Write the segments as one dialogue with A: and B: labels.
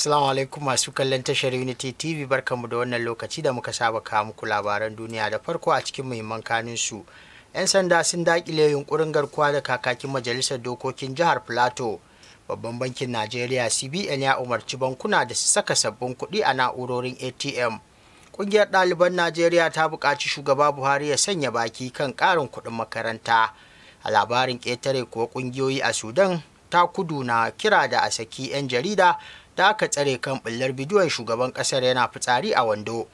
A: Assalamu alaikum masu kallon tashar Unity TV barkamu da wannan lokaci da muka saba kawo muku labaran duniya da farko a cikin muhimman kanun su. 'Yan sanda sun dakile yunkurin garkuwa da kakakin majalisar dokokin jihar Plateau. Babban bankin Najeriya CBN ya umarci bankuna da su saka sabbin kuɗi a na'urorin ATM. Ƙungiyar ɗaliban Najeriya ta buƙaci shugaba Buhari ya sanya baki kan ƙarin kuɗin makaranta. A labarin ƙetare kuwa ƙungiyoyi a Sudan ta kudu na kira da a saki 'yan jarida da tsare kan bullar bidiyon shugaban kasar yana fitsari a wando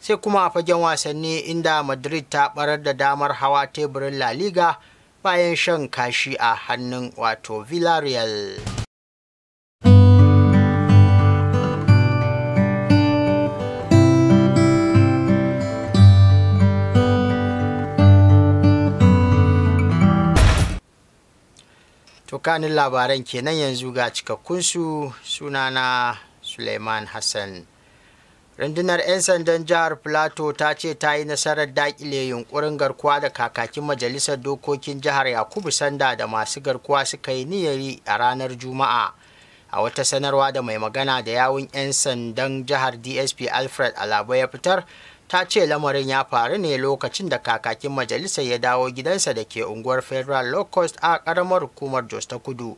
A: sai kuma a fagen wasanni inda madrid ta barar da damar hawa teburin la liga bayan shan kashi a hannun wato villarreal tsakanin labaran kenan yanzu ga cikakkunsu sunana suleiman hassan rundunar 'yan sandan jihar plateau ta ce ta yi nasarar dakile yunkurin garkuwa da kakakin majalisar dokokin jihar yakubu sanda da masu garkuwa suka yi niyyari a ranar juma'a a wata sanarwa da mai magana da yawun 'yan sandan jihar dsp alfred alaba ya fitar ta ce lamarin ya faru ne lokacin da kakakin majalisar ya dawo gidansa da ke unguwar federal low cost a karamar hukumar jos ta kudu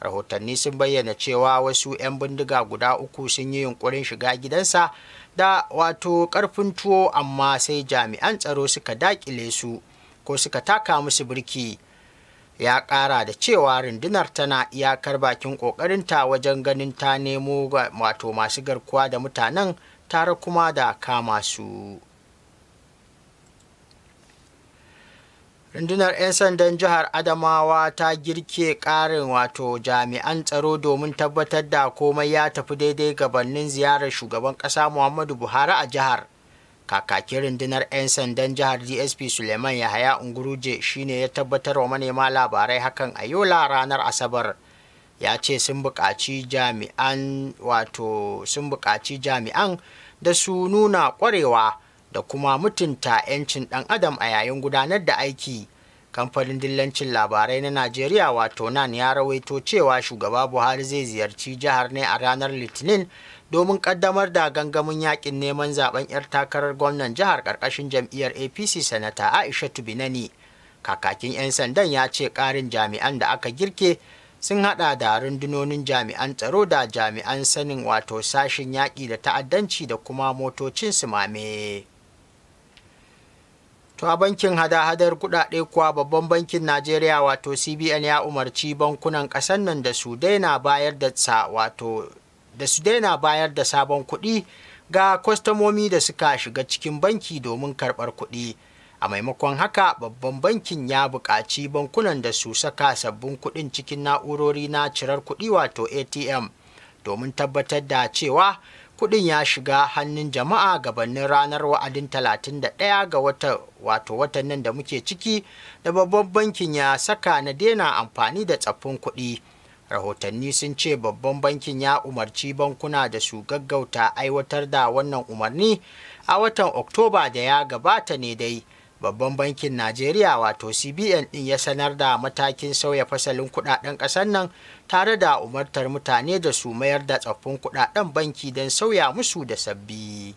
A: rahotanni sun bayyana cewa wasu 'yan bindiga guda uku sun yi yunkurin shiga gidansa da wato karfin tuwo amma sai jami'an tsaro suka dakile su ko suka taka musu birki ya kara da cewa rundunar tana iyakar bakin kokarinta wajen ganin ta nemo wato masu garkuwa da mutanen tare kuma da kama su rundunar 'yan sandan jihar adamawa ta girke ƙarin wato jami'an tsaro domin tabbatar da komai ya tafi daidai gabanin ziyarar shugaban kasa muhammadu buhari a jihar kakakin rundunar 'yan sandan jihar dsp suleiman yahaya unguruje shine ya tabbatar wa manema labarai hakan a yola ranar asabar ya ce sun buƙaci jami'an wato sun buƙaci jami'an da su nuna ƙwarewa da kuma mutunta 'yancin ɗan adam a yayin gudanar da aiki kamfanin dillancin labarai na najeriya wato nan ya rawaito cewa shugaba buhari zai ziyarci jihar ne a ranar litinin domin kaddamar da gangamin yakin neman zaben 'yar takarar gwamnan jihar karkashin jam'iyyar apc sanata aisha tubinani kakakin 'yan sandan ya ce karin jami'an da aka girke sun hada da rundunonin jami'an tsaro da jami'an sanin wato sashen yaƙi da ta'addanci da kuma motocin mame. To a bankin hada-hadar kuɗaɗe kuwa babban bankin Najeriya wato CBN ya umarci bankunan ƙasar nan da su daina bayar da sa wato da su daina bayar da sabon kuɗi ga kwastomomi da suka shiga cikin banki domin karɓar kuɗi. a maimakon haka babban bankin ya buƙaci bankunan da su saka sabbin kuɗin cikin na'urori na cirar kuɗi wato atm domin tabbatar da cewa kuɗin ya shiga hannun jama'a gabanin ranar wa'adin 31 ga wata wato watan nan da muke ciki da babban bankin ya saka na dena amfani da tsaffin kuɗi rahotanni sun ce babban bankin ya umarci bankuna da su gaggauta aiwatar da wannan umarni a watan oktoba da ya gabata ne dai babban bankin najeriya wato cbn din ya sanar da matakin sauya fasalin kudaden kasar nan tare da umartar mutane da su mayar da tsaffin kudaden banki don sauya musu da sabbi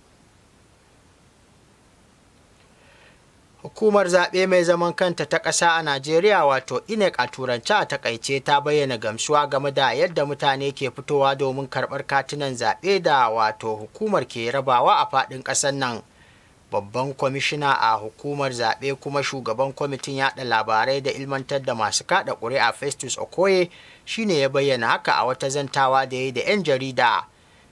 A: hukumar zaɓe mai zaman kanta ta ƙasa a najeriya wato inec a turance a takaice ta bayyana gamsuwa game da yadda mutane ke fitowa domin karɓar katunan zaɓe da wato hukumar ke rabawa a faɗin ƙasar nan babban kwamishina a hukumar zaɓe kuma shugaban kwamitin yaɗa labarai da ilmantar da masu kaɗa ƙuri'a festus okoye shine ya bayyana haka a wata zantawa da ya yi da 'yan jarida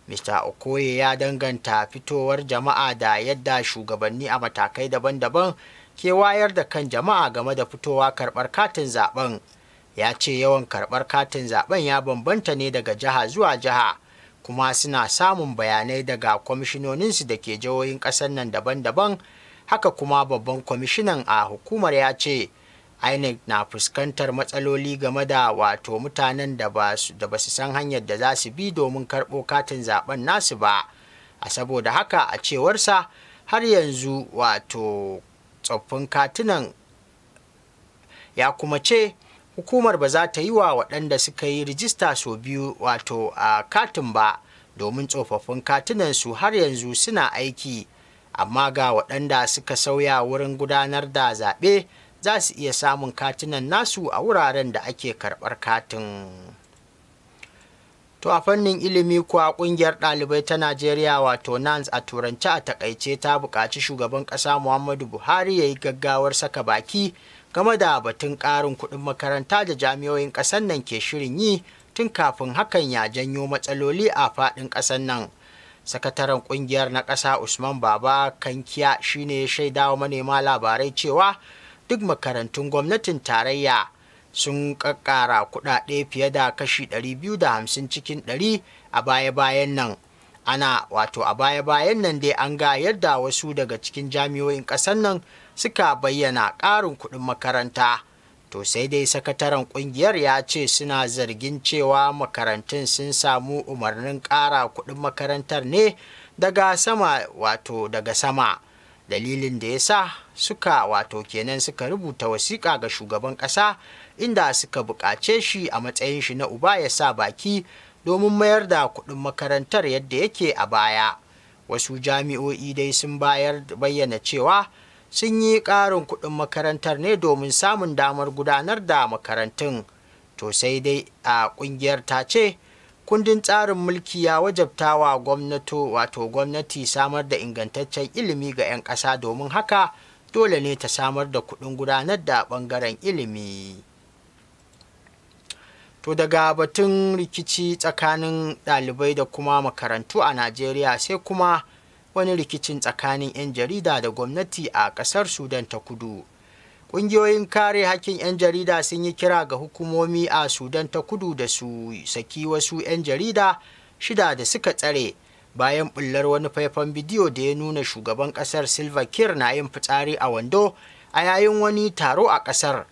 A: mr okoye ya danganta fitowar jama'a da yadda shugabanni a matakai daban-daban ke wayar da kan jama'a game da fitowa karɓar katin zaɓen ya ce yawan karɓar katin zaɓen ya bambanta ne daga jiha zuwa jiha kuma suna samun bayanai daga kwamishinoninsu da ke jihohin ƙasar nan daban-daban haka kuma babban kwamishinan a hukumar ya ce inec na fuskantar matsaloli game da wato mutanen da ba su san hanyar da za su bi domin karɓo katin zaben nasu ba a saboda haka a cewarsa har yanzu wato tsoffin katunan ya kuma ce hukumar ba za ta yi wa waɗanda suka yi rijista sau biyu wato a katin ba domin tsofaffin katinan su har yanzu suna aiki amma ga waɗanda suka sauya wurin gudanar da zaɓe za su iya samun katinan nasu a wuraren da ake karɓar katin to a fannin ilimi kuwa ƙungiyar ɗalibai ta najeriya wato nans a turance a takaice ta buƙaci shugaban ƙasa muhammadu buhari ya yi gaggawar saka baki game da batun ƙarin kuɗin makaranta da jami'oyin ƙasar nan ke shirin yi tun kafin hakan ya janyo matsaloli a faɗin ƙasar nan. Sakataren ƙungiyar na ƙasa Usman Baba Kankiya shine shaida wa manema labarai cewa duk makarantun gwamnatin tarayya sun ƙaƙƙara kuɗaɗe fiye da kashi 250 cikin 100 a baya-bayan nan. ana wato a baya-bayan nan dai an ga yadda wasu daga cikin jami'o'in ƙasar nan suka bayyana ƙarin kuɗin makaranta to sai dai sakataren ƙungiyar ya ce suna zargin cewa makarantun sun samu umarnin ƙara kuɗin makarantar ne daga sama wato daga sama dalilin da ya sa suka wato kenan suka rubuta wasiƙa ga shugaban ƙasa inda suka buƙace shi a matsayin shi na uba ya sa baki domin mayar da kuɗin makarantar yadda yake a baya wasu jami'o'i dai sun bayar bayyana cewa sun yi ƙarin kuɗin makarantar ne domin samun damar gudanar da makarantun to sai dai a ƙungiyar ta ce kundin tsarin mulki ya wajabta wa gwamnato wato gwamnati samar da ingantaccen ilimi ga 'yan ƙasa domin haka dole ne ta samar da kuɗin gudanar da ɓangaren ilimi to daga batun rikici tsakanin ɗalibai da kuma makarantu a najeriya sai kuma wani rikicin tsakanin 'yan jarida da gwamnati a ƙasar sudan ta kudu ƙungiyoyin kare hakkin 'yan jarida sun yi kira ga hukumomi a sudan ta kudu da su saki wasu 'yan jarida shida da suka tsare bayan bullar wani faifan bidiyo da ya nuna shugaban ƙasar silva kir na yin fitsari a wando a yayin wani taro a ƙasar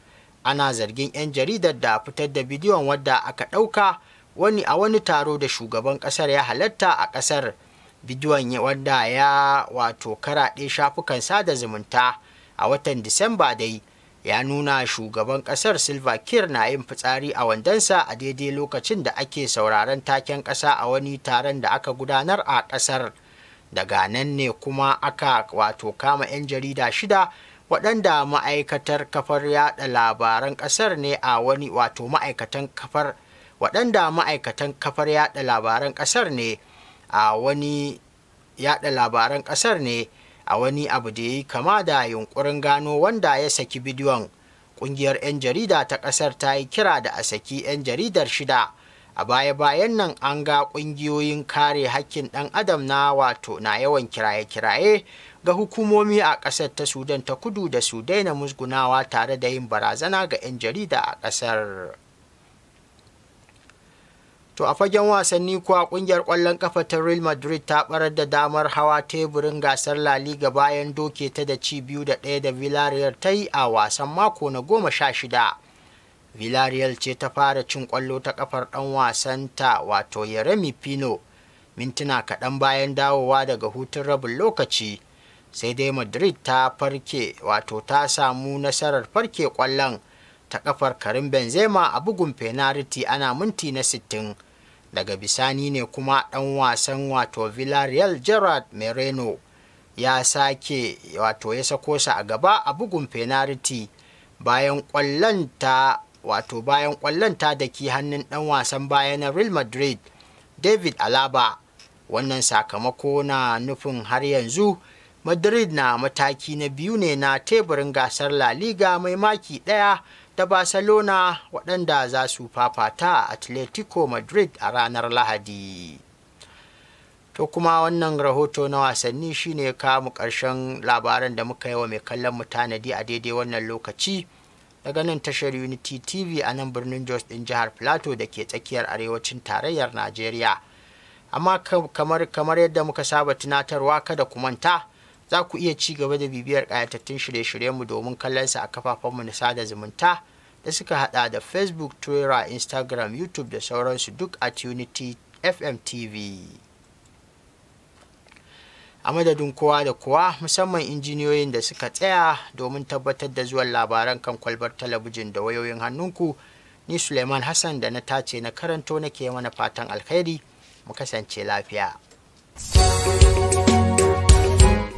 A: ana zargin 'yan jaridar da fitar da bidiyon wadda aka ɗauka wani a wani taro da shugaban ƙasar ya halatta a ƙasar bidiyon wanda ya wato karaɗe shafukan sada zumunta a watan disamba dai ya nuna shugaban ƙasar silva kir na yin fitsari a wandonsa a daidai lokacin da ake sauraron taken ƙasa a wani taron da aka gudanar a ƙasar daga nan ne kuma aka wato kama 'yan jarida shida waɗanda ma'aikatar kafar yada labaran ƙasar ne a wani wato ma'aikatan kafar waɗanda ma'aikatan kafar yada labaran ƙasar ne a wani yada labaran kasar ne a wani abu da ya yi kama da yunkurin gano wanda ya saki bidiyon kungiyar 'yan jarida ta kasar ta yi kira da a saki 'yan jaridar shida a baya-bayan nan an ga kungiyoyin kare hakkin dan adam na wato na yawan kiraye-kiraye ga hukumomi a kasar ta sudan ta kudu da su daina musgunawa tare da yin barazana ga 'yan jarida a kasar To a fagen wasanni kuwa kungiyar ƙwallon kafa ta Real Madrid ta barar da damar hawa teburin gasar La Liga bayan doke ta da ci biyu da ɗaya da Villarreal ta yi a wasan mako na goma sha shida. Villarreal ce ta fara cin ƙwallo ta kafar ɗan ta wato Yeremi Pino mintuna kaɗan bayan dawowa daga hutun rabin lokaci. Sai dai Madrid ta farke wato ta samu nasarar farke ƙwallon. ta kafar Karim Benzema a bugun fenariti ana minti na 60 daga bisani ne kuma ɗan wasan wato Villarreal Gerard Moreno ya sake wato ya sako sa a gaba a bugun fenariti bayan ƙwallon wato bayan kwallon ta da ki hannun ɗan wasan baya na Real Madrid David Alaba wannan sakamako na nufin har yanzu Madrid na mataki na biyu ne na teburin gasar La Liga mai maki ɗaya da barcelona waɗanda za su fafata a atletico madrid a ranar lahadi to kuma wannan rahoto na wasanni shine ya kamu ƙarshen labaran da muka yi wa mai kallon mu tanadi a daidai wannan lokaci daga nan tashar unity tv a nan birnin jos ɗin jihar plateau da ke tsakiyar arewacin tarayyar najeriya amma kamar yadda muka saba tunatarwa kada kumanta. manta za ku iya ci gaba da bibiyar ƙayatattun shirye-shiryenmu domin kallon sa a kafafenmu na sada zumunta da suka hada da facebook twitter instagram youtube da sauransu duk a unity fm tv a madadin kowa da kowa musamman injiniyoyin da suka tsaya domin tabbatar da zuwan labaran kan kwalbar talabijin da wayoyin hannunku ni suleiman hassan da na tace na karanto nake mana fatan alkhairi mu kasance lafiya.